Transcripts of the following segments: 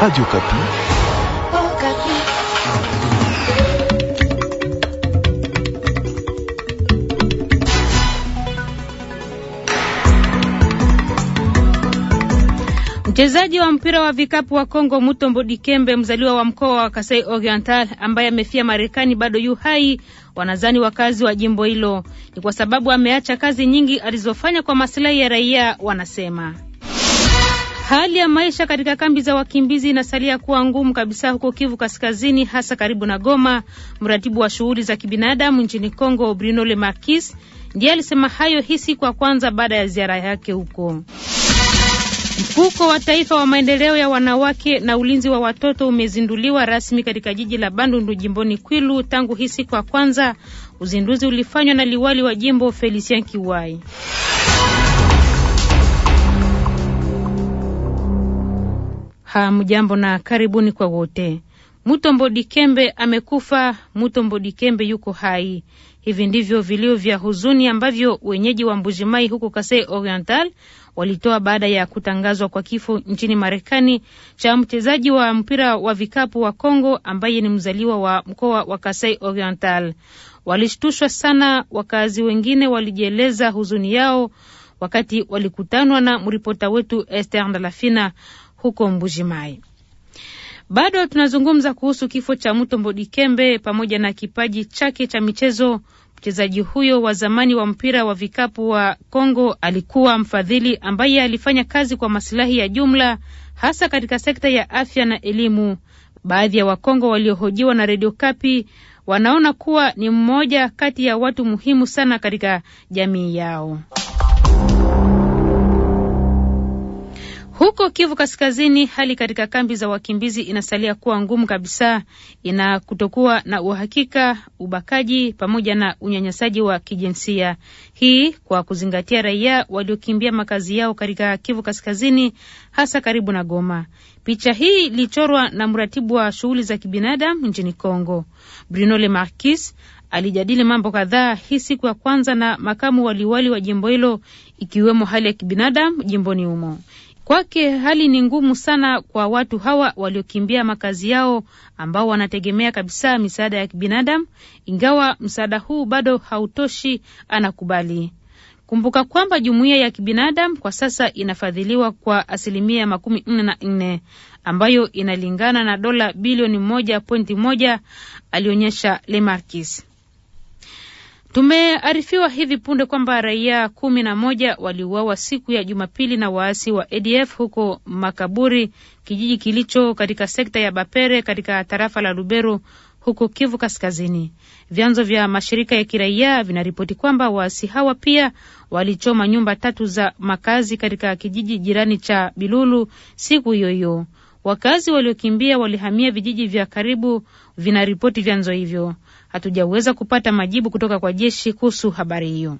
Radio Kapi. Oh, Kapi. Mchezaji wa mpira wa vikapu wa Kongo Mutombo Dikembe mzaliwa wa mkoa wa Kasai Oriental ambaye amefia Marekani bado yu hai, wanazani wakazi wa jimbo hilo. Ni kwa sababu ameacha kazi nyingi alizofanya kwa maslahi ya raia, wanasema. Hali ya maisha katika kambi za wakimbizi inasalia kuwa ngumu kabisa huko Kivu Kaskazini, hasa karibu na Goma. Mratibu wa shughuli za kibinadamu nchini Kongo, Bruno Le Marquis, ndiye alisema hayo hii siku ya kwanza baada ya ziara yake huko. Mfuko wa Taifa wa maendeleo ya wanawake na ulinzi wa watoto umezinduliwa rasmi katika jiji la Bandundu jimboni Kwilu tangu hii siku ya kwanza. Uzinduzi ulifanywa na liwali wa jimbo Felicien Kiwai. Hamjambo na karibuni kwa wote. Mutombo Dikembe amekufa. Mutombo Dikembe yuko hai. Hivi ndivyo vilio vya huzuni ambavyo wenyeji wa Mbujimai huko Kasai Oriental walitoa baada ya kutangazwa kwa kifo nchini Marekani cha mchezaji wa mpira wa vikapu wa Kongo ambaye ni mzaliwa wa mkoa wa Kasai Oriental. Walishtushwa sana, wakazi wengine walijieleza huzuni yao wakati walikutanwa na mripota wetu Esther Ndalafina huko Mbujimai. Bado tunazungumza kuhusu kifo cha mto mbodikembe pamoja na kipaji chake cha michezo. Mchezaji huyo wa zamani wa mpira wa vikapu wa Kongo alikuwa mfadhili ambaye alifanya kazi kwa masilahi ya jumla, hasa katika sekta ya afya na elimu. Baadhi ya Wakongo waliohojiwa na Redio Kapi wanaona kuwa ni mmoja kati ya watu muhimu sana katika jamii yao. Huko Kivu Kaskazini, hali katika kambi za wakimbizi inasalia kuwa ngumu kabisa. Ina kutokuwa na uhakika, ubakaji pamoja na unyanyasaji wa kijinsia, hii kwa kuzingatia raia waliokimbia makazi yao katika Kivu Kaskazini, hasa karibu na Goma. Picha hii ilichorwa na mratibu wa shughuli za kibinadamu nchini congo Bruno Le Marquis alijadili mambo kadhaa hii siku ya kwanza na makamu waliwali wa jimbo hilo, ikiwemo hali ya kibinadamu jimboni humo. Kwake hali ni ngumu sana kwa watu hawa waliokimbia makazi yao ambao wanategemea kabisa misaada ya kibinadamu, ingawa msaada huu bado hautoshi, anakubali. Kumbuka kwamba jumuiya ya kibinadamu kwa sasa inafadhiliwa kwa asilimia makumi nne na nne ambayo inalingana na dola bilioni moja pointi moja, alionyesha Lemarkis. Tumearifiwa hivi punde kwamba raia kumi na moja waliuawa siku ya Jumapili na waasi wa ADF huko Makaburi, kijiji kilicho katika sekta ya Bapere katika tarafa la Lubero huko Kivu Kaskazini. Vyanzo vya mashirika ya kiraia vinaripoti kwamba waasi hawa pia walichoma nyumba tatu za makazi katika kijiji jirani cha Bilulu siku hiyo hiyo. Wakazi waliokimbia walihamia vijiji vya karibu, vinaripoti vyanzo hivyo hatujaweza kupata majibu kutoka kwa jeshi kuhusu habari hiyo.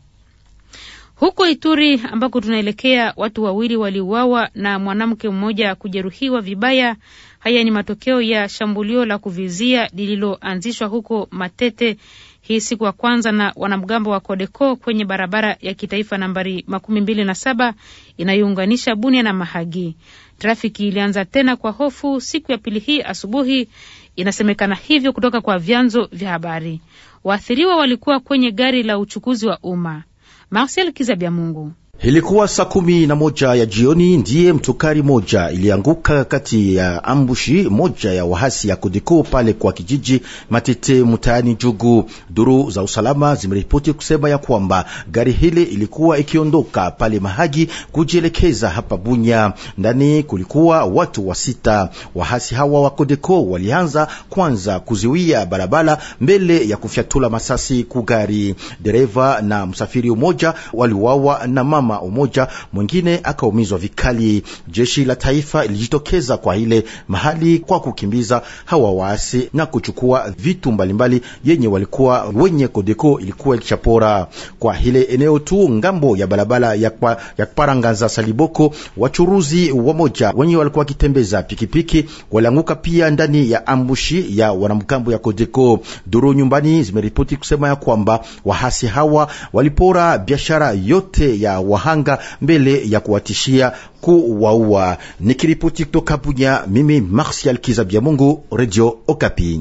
Huko Ituri ambako tunaelekea, watu wawili waliuawa na mwanamke mmoja kujeruhiwa vibaya. Haya ni matokeo ya shambulio la kuvizia lililoanzishwa huko Matete hii siku ya kwanza na wanamgambo wa Codeco kwenye barabara ya kitaifa nambari makumi mbili na saba inayounganisha Bunia na Mahagi. Trafiki ilianza tena kwa hofu siku ya pili hii asubuhi Inasemekana hivyo kutoka kwa vyanzo vya habari. Waathiriwa walikuwa kwenye gari la uchukuzi wa umma. Marcel Kizabiamungu Ilikuwa saa kumi na moja ya jioni ndiye mtukari moja ilianguka kati ya ambushi moja ya wahasi ya Kodeko pale kwa kijiji Matete mtaani Jugu. Duru za usalama zimeripoti kusema ya kwamba gari hili ilikuwa ikiondoka pale Mahagi kujielekeza hapa Bunya. Ndani kulikuwa watu wa sita. Wahasi hawa wa Kodeko walianza kwanza kuziwia barabara mbele ya kufyatula masasi kugari. Dereva na msafiri mmoja waliuawa na mama mama umoja, mwingine akaumizwa vikali. Jeshi la taifa ilijitokeza kwa ile mahali kwa kukimbiza hawa waasi na kuchukua vitu mbalimbali yenye walikuwa wenye Kodeko ilikuwa ikichapora kwa hile eneo tu ngambo ya barabara ya, kwa, ya Parangaza Saliboko. Wachuruzi wamoja wenye walikuwa wakitembeza pikipiki walianguka pia ndani ya ambushi ya wanamgambo ya Kodeko. Duru nyumbani zimeripoti kusema ya kwamba wahasi hawa walipora biashara yote ya wahanga mbele ya kuwatishia kuwaua. Nikiripoti kutoka Bunya, mimi Marsial Kiza Mungu, Radio Okapi.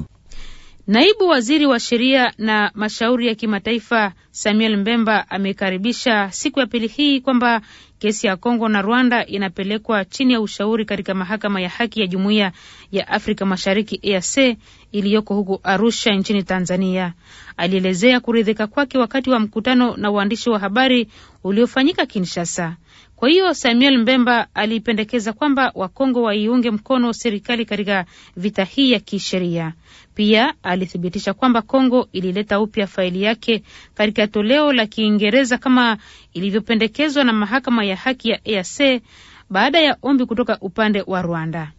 Naibu waziri wa sheria na mashauri ya kimataifa Samuel Mbemba amekaribisha siku ya pili hii kwamba kesi ya Kongo na Rwanda inapelekwa chini ya ushauri katika mahakama ya haki ya jumuiya ya Afrika Mashariki EAC iliyoko huko Arusha nchini Tanzania. Alielezea kuridhika kwake wakati wa mkutano na waandishi wa habari uliofanyika Kinshasa. Kwa hiyo Samuel Mbemba alipendekeza kwamba Wakongo waiunge mkono serikali katika vita hii ya kisheria. Pia alithibitisha kwamba Kongo ilileta upya faili yake katika toleo la Kiingereza kama ilivyopendekezwa na mahakama ya haki ya EAC baada ya ombi kutoka upande wa Rwanda.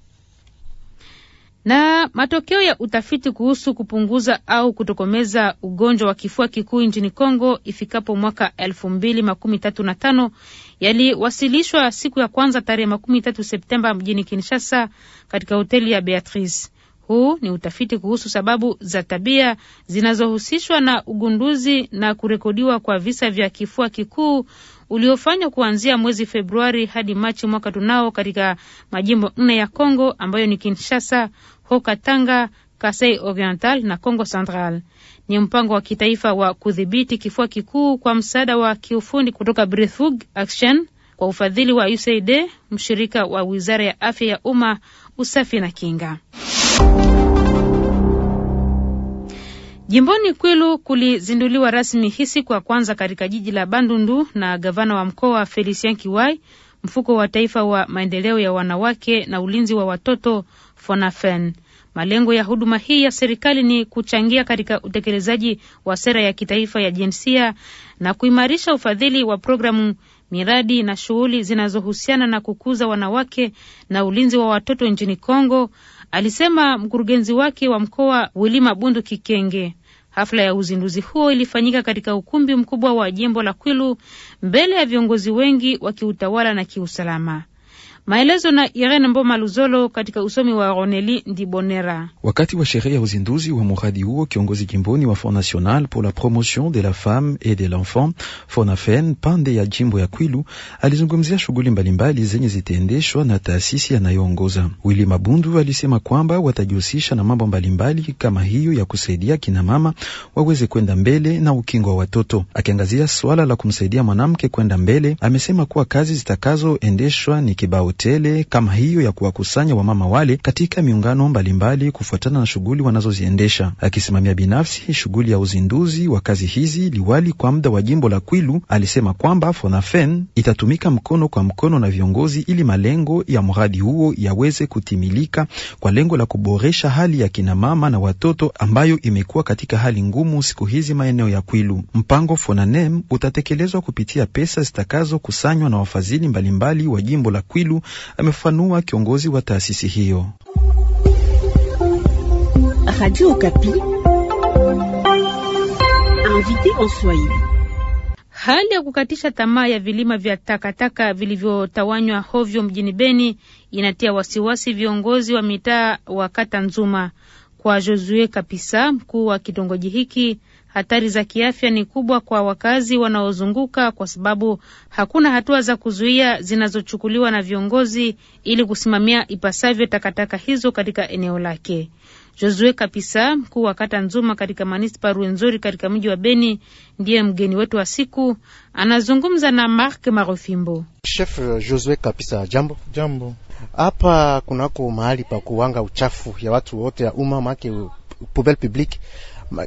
Na matokeo ya utafiti kuhusu kupunguza au kutokomeza ugonjwa wa kifua kikuu nchini Kongo ifikapo mwaka elfu mbili makumi tatu na tano yaliwasilishwa siku ya kwanza tarehe makumi tatu Septemba mjini Kinshasa katika hoteli ya Beatrice. Huu ni utafiti kuhusu sababu za tabia zinazohusishwa na ugunduzi na kurekodiwa kwa visa vya kifua kikuu uliofanywa kuanzia mwezi Februari hadi Machi mwaka tunao katika majimbo nne ya congo ambayo ni Kinshasa, Hoka Tanga, Kasai Oriental na congo Central. Ni mpango wa kitaifa wa kudhibiti kifua kikuu kwa msaada wa kiufundi kutoka Breathwork Action kwa ufadhili wa USAID, mshirika wa Wizara ya Afya ya Umma, Usafi na Kinga. Jimboni Kwilu kulizinduliwa rasmi hisi kwa kwanza katika jiji la Bandundu na gavana wa mkoa Felicien Kiwai mfuko wa taifa wa maendeleo ya wanawake na ulinzi wa watoto Fonafen. Malengo ya huduma hii ya serikali ni kuchangia katika utekelezaji wa sera ya kitaifa ya jinsia na kuimarisha ufadhili wa programu, miradi na shughuli zinazohusiana na kukuza wanawake na ulinzi wa watoto nchini Kongo, alisema mkurugenzi wake wa mkoa Wilima Bundu Kikenge. Hafla ya uzinduzi huo ilifanyika katika ukumbi mkubwa wa jimbo la Kwilu mbele ya viongozi wengi wa kiutawala na kiusalama. Maelezo na Irene Mboma Luzolo katika usomi wa Roneli Ndibonera. Wakati wa sherehe ya uzinduzi wa mradi huo, kiongozi jimboni wa fond National pour la Promotion de la Femme et de l'Enfant FONAFEN pande ya jimbo ya Kwilu alizungumzia shughuli mbalimbali zenye zitaendeshwa na taasisi yanayoongoza. Willy Mabundu alisema kwamba watajihusisha na mambo mbalimbali kama hiyo ya kusaidia kinamama waweze kwenda mbele na ukingo wa watoto. Akiangazia swala la kumsaidia mwanamke kwenda mbele, amesema kuwa kazi zitakazoendeshwa ni kibao tele kama hiyo ya kuwakusanya wamama wale katika miungano mbalimbali kufuatana na shughuli wanazoziendesha. Akisimamia binafsi shughuli ya uzinduzi wa kazi hizi, liwali kwa muda wa jimbo la Kwilu alisema kwamba FONAFEN itatumika mkono kwa mkono na viongozi ili malengo ya mradi huo yaweze kutimilika kwa lengo la kuboresha hali ya kinamama na watoto ambayo imekuwa katika hali ngumu siku hizi maeneo ya Kwilu. Mpango FONANEM utatekelezwa kupitia pesa zitakazokusanywa na wafadhili mbalimbali wa jimbo la Kwilu amefanua kiongozi wa taasisi hiyo. Hali ya kukatisha tamaa ya vilima vya takataka vilivyotawanywa hovyo mjini Beni inatia wasiwasi viongozi wa mitaa wa kata Nzuma. Kwa Josue Kapisa, mkuu wa kitongoji hiki, Hatari za kiafya ni kubwa kwa wakazi wanaozunguka kwa sababu hakuna hatua za kuzuia zinazochukuliwa na viongozi ili kusimamia ipasavyo takataka hizo katika eneo lake. Josue Kapisa, mkuu wa kata Nzuma katika manispa Ruenzori katika mji wa Beni, ndiye mgeni wetu wa siku, anazungumza na Mark Marofimbo. Chef uh, Josue Kapisa, jambo. Jambo. Hapa kunako mahali pa kuwanga uchafu ya watu wote ya umma make pubel public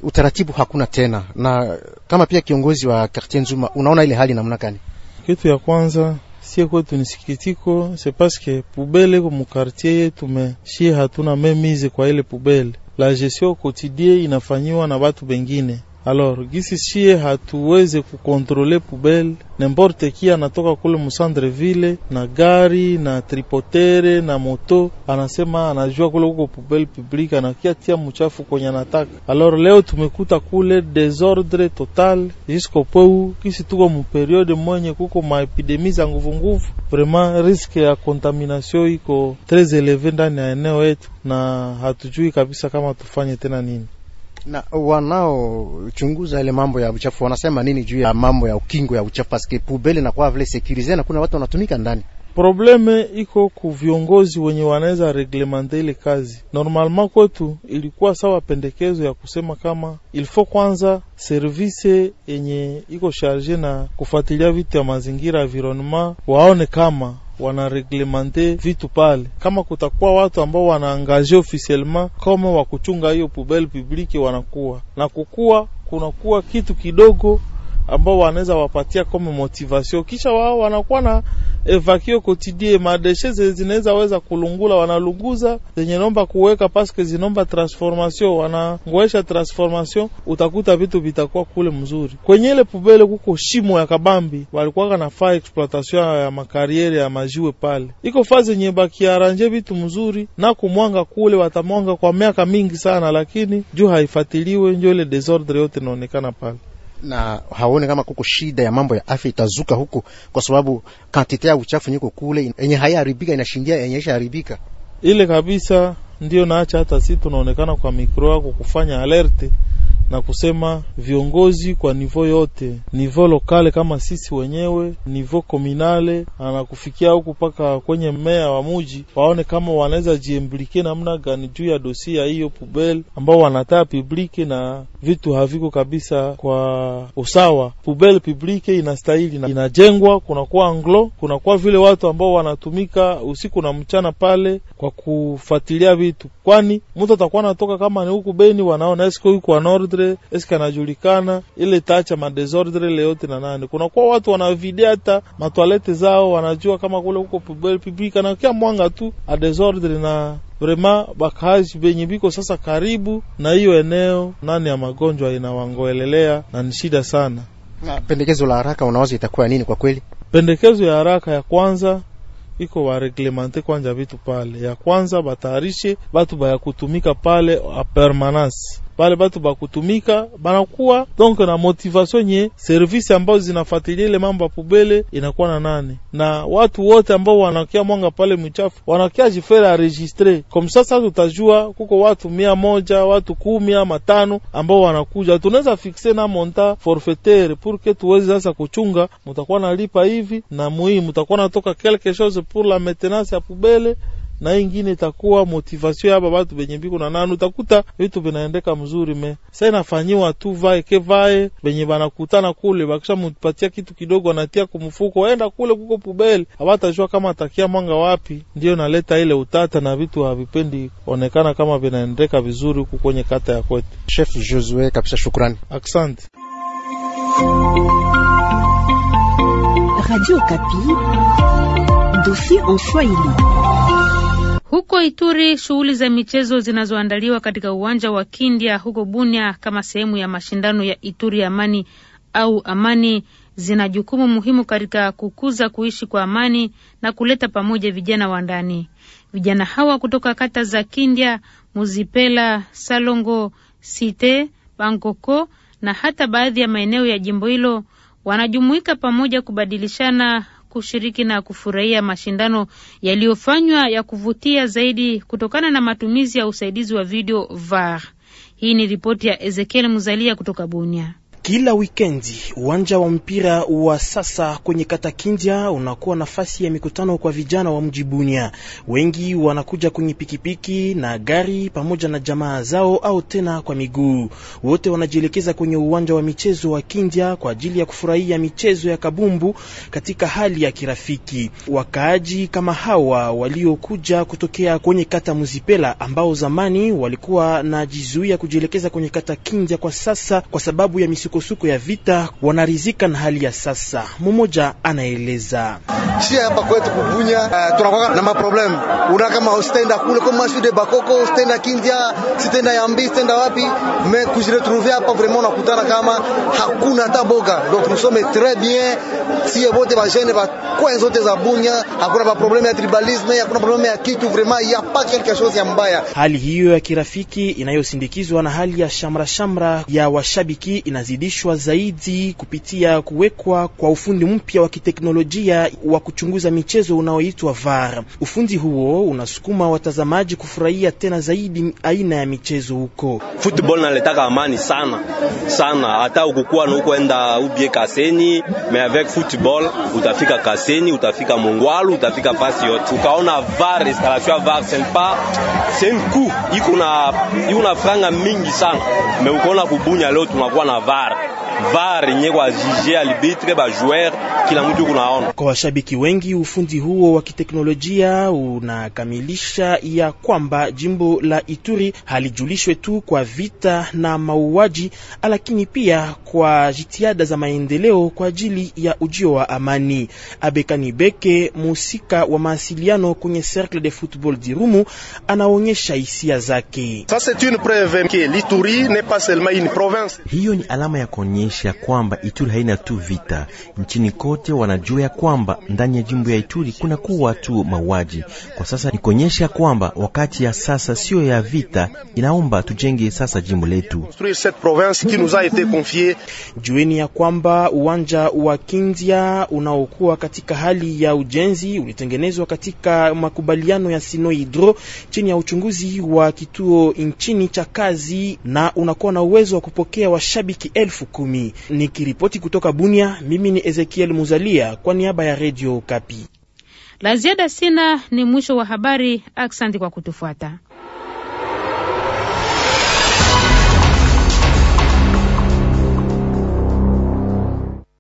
utaratibu hakuna tena. Na kama pia kiongozi wa Quartier Nzuma, unaona ile hali namna gani? Kitu ya kwanza sie kwetu ni sikitiko, se paske pubele ko mukartie yetu me shie hatuna memize kwa ile pubele, la gestion quotidien inafanyiwa na watu bengine Alors gisi shie hatuweze kukontrole pubele, nemporte ki anatoka kule musandre ville na gari na tripotere na moto, anasema anajua kule kuko pubele publika, anakia tia muchafu kwenye anataka. Alors leo tumekuta kule desordre total jisko peu, gisi tuko muperiode mwenye kuko maepidemi za nguvunguvu, vraiment riske ya kontaminasio iko tres eleve ndani ya eneo yetu, na hatujui kabisa kama tufanye tena nini na wanaochunguza ile mambo ya uchafu wanasema nini juu ya mambo ya ukingo ya uchafu? Paske pubele na kwa vile sekurize na kuna watu wanatumika ndani Probleme iko ku viongozi wenye wanaweza reglemente ile kazi. Normalement kwetu ilikuwa sawa pendekezo ya kusema kama ilfo kwanza service yenye iko sharge na kufuatilia vitu ya mazingira environnement waone kama wanareglemente vitu pale, kama kutakuwa watu ambao wanaangazia officiellement kama wakuchunga hiyo pubele publiki, wanakuwa na kukuwa kunakuwa kitu kidogo ambao wanaweza wapatia kama motivation, kisha wao wanakuwa na evakio kotidie madeshe zinaweza weza kulungula, wanalunguza zenye nomba kuweka paske zinomba transformation, wanangoesha transformation, utakuta vitu vitakuwa kule mzuri. Kwenye ile pubele kuko shimo ya kabambi, walikuwa nafaa exploitation ya makariere ya majiwe pale, iko fazi yenye bakiaranje vitu mzuri na kumwanga kule, watamwanga kwa miaka mingi sana, lakini juu haifatiliwe, njo ile desordre yote inaonekana pale na haone kama kuko shida ya mambo ya afya itazuka huko, kwa sababu kantite ya uchafu nyiko kule enye haiharibika inashindia enye ishaharibika ile kabisa. Ndio naacha hata si tunaonekana kwa mikro yako kufanya alerte na kusema viongozi kwa nivo yote, nivo lokale kama sisi wenyewe, nivo kominale anakufikia huku paka kwenye mmea wa muji, waone kama wanaweza jiemblike namna gani juu ya dosi ya hiyo pubel ambao wanataa piblike na vitu haviko kabisa kwa usawa. Pubel piblike inastahili inajengwa, kunakuwa anglo, kunakuwa vile watu ambao wanatumika usiku na mchana pale kwa kufuatilia vitu, kwani mtu atakuwa anatoka kama ni huku Beni, wanaona esko huku wa Nordre desordre eske anajulikana ile tacha madesordre ile yote na nani. Kuna kwa watu wana wanavidi hata matwalete zao, wanajua kama kule huko public pipika na kia mwanga tu a desordre na vrema bakazi benye biko sasa karibu na hiyo eneo nani ya magonjwa inawangoelelea na ni shida sana. Na pendekezo la haraka unawaza itakuwa nini? Kwa kweli pendekezo ya haraka ya kwanza iko wareglemente kwanja vitu pale, ya kwanza batayarishe batu baya kutumika pale a permanence bale batu bakutumika banakuwa donc na motivation nye servisi ambazo zinafuatilia ile mambo ya pubele inakuwa na nane, na watu wote ambao wanakia mwanga pale mchafu wanakia jifere aregistre comme ça. Sasa tutajua kuko watu mia moja watu kumi ama tano ambao wanakuja, tunaweza fixe na monta forfaitaire pour que tuweze sasa kuchunga, mutakuwa nalipa hivi na muhimu mutakuwa natoka quelque chose pour la maintenance ya pubele na ingine itakuwa motivasio yaba batu benye biko na nanu, utakuta vitu vinaendeka mzuri. Me sasa inafanyiwa tu vae ke vae benye banakutana kule, bakisha mupatia kitu kidogo, anatia kumfuko, enda kule kuko pubeli, abatajua kama atakia mwanga wapi. ndio naleta ile utata na vitu havipendi onekana kama vinaendeka vizuri huku kwenye kata ya kwetu. Chef Josue, kabisa shukrani, asante. Radio Kapi, dossier en Swahili. Huko Ituri, shughuli za michezo zinazoandaliwa katika uwanja wa Kindya huko Bunia kama sehemu ya mashindano ya Ituri Amani au Amani zina jukumu muhimu katika kukuza kuishi kwa amani na kuleta pamoja vijana wa ndani. Vijana hawa kutoka kata za Kindya, Muzipela, Salongo, Site, bangoko na hata baadhi ya maeneo ya jimbo hilo wanajumuika pamoja kubadilishana kushiriki na kufurahia mashindano yaliyofanywa ya kuvutia zaidi kutokana na matumizi ya usaidizi wa video VAR. Hii ni ripoti ya Ezekiel Muzalia kutoka Bunia. Kila wikendi uwanja wa mpira wa sasa kwenye kata Kindya unakuwa nafasi ya mikutano kwa vijana wa mji Bunia. Wengi wanakuja kwenye pikipiki na gari pamoja na jamaa zao au tena kwa miguu. Wote wanajielekeza kwenye uwanja wa michezo wa Kindya kwa ajili ya kufurahia michezo ya kabumbu katika hali ya kirafiki. Wakaaji kama hawa waliokuja kutokea kwenye kata Muzipela ambao zamani walikuwa najizuia kujielekeza kwenye kata Kindya kwa sasa kwa sababu ya misu misukosuko ya vita wanarizika na hali ya sasa. Mmoja anaeleza si hapa kwetu kubunya, uh, eh, tunakuwa na maproblem una kama ustenda kule kama shude bakoko ustenda kindia sitenda yambi stenda wapi me kujiretrouve hapa vraiment nakutana kama hakuna hata boga. Donc nous sommes tres bien sie bote ba jeune ba kwa zote za Bunya, hakuna ba probleme ya tribalisme, hakuna probleme ya kitu vraiment ya pa quelque chose ya mbaya. Hali hiyo ya kirafiki inayosindikizwa na hali ya shamra shamra ya washabiki inazidi kuzidishwa zaidi kupitia kuwekwa kwa ufundi mpya wa kiteknolojia wa kuchunguza michezo unaoitwa VAR. Ufundi huo unasukuma watazamaji kufurahia tena zaidi aina ya michezo huko. Football naletaka amani sana sana, hata ukukua na ukoenda ubie Kaseni, me avec football utafika Kaseni, utafika Mongwalu, utafika fasi yote ukaona VAR, installation VAR un coup, iko na iko na franga mingi sana, me ukaona kubunya leo tunakuwa na VAR Yeah. var yenye kwa jije alibitre ba joueur kila mtu kunaona. Kwa washabiki wengi, ufundi huo wa kiteknolojia unakamilisha ya kwamba jimbo la Ituri halijulishwe tu kwa vita na mauaji, lakini pia kwa jitihada za maendeleo kwa ajili ya ujio wa amani. Abekani Beke, musika wa mawasiliano kwenye Cercle de Football Dirumu, anaonyesha hisia zake. Ça c'est une preuve que l'Ituri n'est pas seulement une province. Hiyo ni alama ya kuonyesha kuonyesha ya kwamba Ituri haina tu vita nchini kote, wanajua ya kwamba ndani ya jimbo ya Ituri kuna kuwa tu mauaji kwa sasa. Ni kuonyesha ya kwamba wakati ya sasa siyo ya vita, inaomba tujenge sasa jimbo letu. Jueni ya kwamba uwanja wa Kindia unaokuwa katika hali ya ujenzi ulitengenezwa katika makubaliano ya Sinohydro chini ya uchunguzi wa kituo nchini cha kazi na unakuwa na uwezo wa kupokea washabiki elfu kumi. Kasai. Nikiripoti kutoka Bunia, mimi ni Ezekiel Muzalia kwa niaba ya redio Kapi. La ziada sina, ni mwisho wa habari. Aksanti kwa kutufuata.